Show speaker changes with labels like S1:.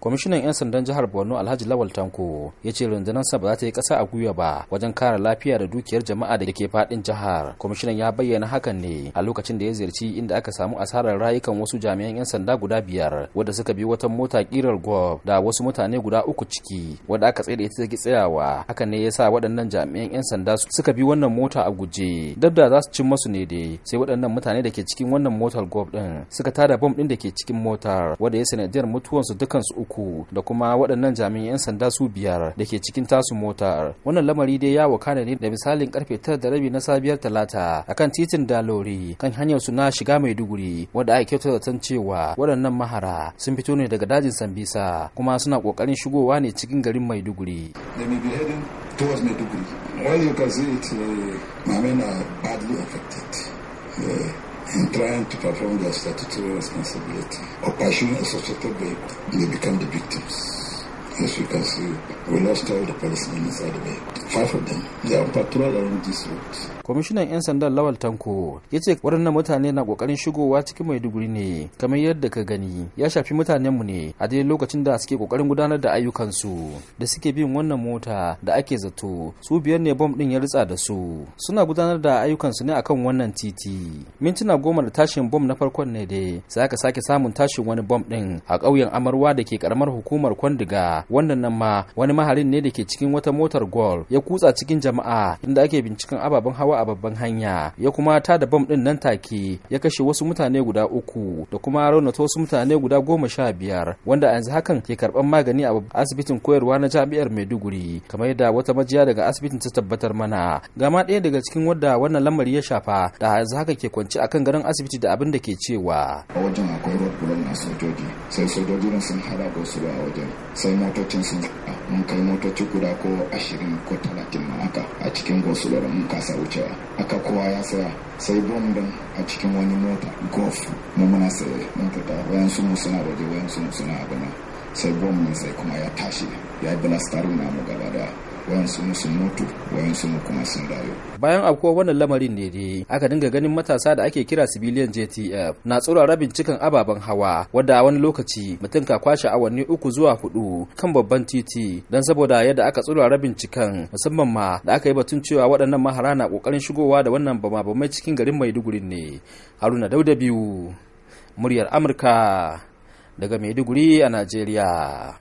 S1: kwamishinan 'yan sandan jihar borno alhaji lawal tanko ya ce sa ba za ta yi kasa a gwiwa ba wajen kare lafiya da dukiyar jama'a da ke fadin jihar kwamishinan ya bayyana hakan ne a lokacin da ya ziyarci inda aka samu asarar rayukan wasu jami'an 'yan sanda guda biyar wadda suka bi wata mota kirar gov da wasu mutane guda uku ciki wadda aka tsaye da ita take tsayawa hakan ne ya sa waɗannan jami'an 'yan sanda suka bi wannan mota a guje dab da za su cin masu ne dai sai waɗannan mutane da ke cikin wannan motar gov ɗin suka tada bom din da ke cikin motar wadda ya sanadiyar mutuwansu dukansu uku uku da kuma waɗannan jami'an 'yan sanda su biyar da ke cikin tasu motar wannan lamari dai ya wakana ne da misalin karfe tara da rabi na sabiyar talata akan titin dalori kan hanyar su na shiga maiduguri wadda ake kyautata cewa waɗannan mahara sun fito ne daga dajin sambisa kuma suna kokarin shigowa ne cikin garin maiduguri
S2: towards Yeah. in trying to perform their statutory responsibility, oppression is susceptible, they become the victims. As you can see, we lost all the policemen inside the way. Five of them. They are on
S1: patrol along this route. kwamishinan 'yan sandan lawal tanko ya ce waɗannan mutane na ƙoƙarin shigowa cikin maiduguri ne kamar yadda ka gani ya shafi mutanenmu ne a daidai lokacin da suke ƙoƙarin gudanar da ayyukansu da suke bin wannan mota da ake zato su biyar ne bom ɗin ya ritsa da su suna gudanar da ayyukansu ne akan wannan titi mintuna goma da tashin bom na farkon ne dai sai aka sake samun tashin wani bom ɗin a ƙauyen amarwa da ke ƙaramar hukumar kwandiga wannan nan ma wani maharin ne da ke cikin wata motar gol ya kutsa cikin jama'a inda ake binciken ababen hawa a babban hanya ya kuma ta da bam din nan take ya kashe wasu mutane guda uku da kuma raunata wasu mutane guda goma sha biyar wanda a yanzu hakan ke karban magani a asibitin koyarwa na jami'ar maiduguri kamar yadda wata majiya daga asibitin ta tabbatar mana gama ɗaya daga cikin wadda wannan lamari ya shafa da a yanzu haka ke kwanci kan garin asibiti da abin da ke cewa
S2: a wajen akwai rokulan na sojoji sai sojojin sun hada da su a wajen sai motocin sun mun kai motoci guda ko ashirin ko talatin ma haka a cikin gosulo da mun kasa wucewa aka kowa ya saya sai bom din a cikin wani mota golf mu muna saye mun fita wayansu mu suna waje wayansu mu suna na. sai bom din sai kuma ya tashi ya yi blastarin namu gaba daya wayansu mu sun mutu wayansu mu kuma sun rayu
S1: bayan afkuwar wannan lamarin ne dai aka dinga ganin matasa da ake kira civilian JTF na tsura rabin cikin ababen hawa wanda a wani lokaci mutum ka kwashe awanni uku zuwa hudu kan babban titi don saboda yadda aka tsura rabin cikin musamman ma da aka yi batun cewa waɗannan mahara na ƙoƙarin shigowa da wannan bama cikin garin Maiduguri ne Haruna Dauda biyu muryar Amurka daga Maiduguri a Najeriya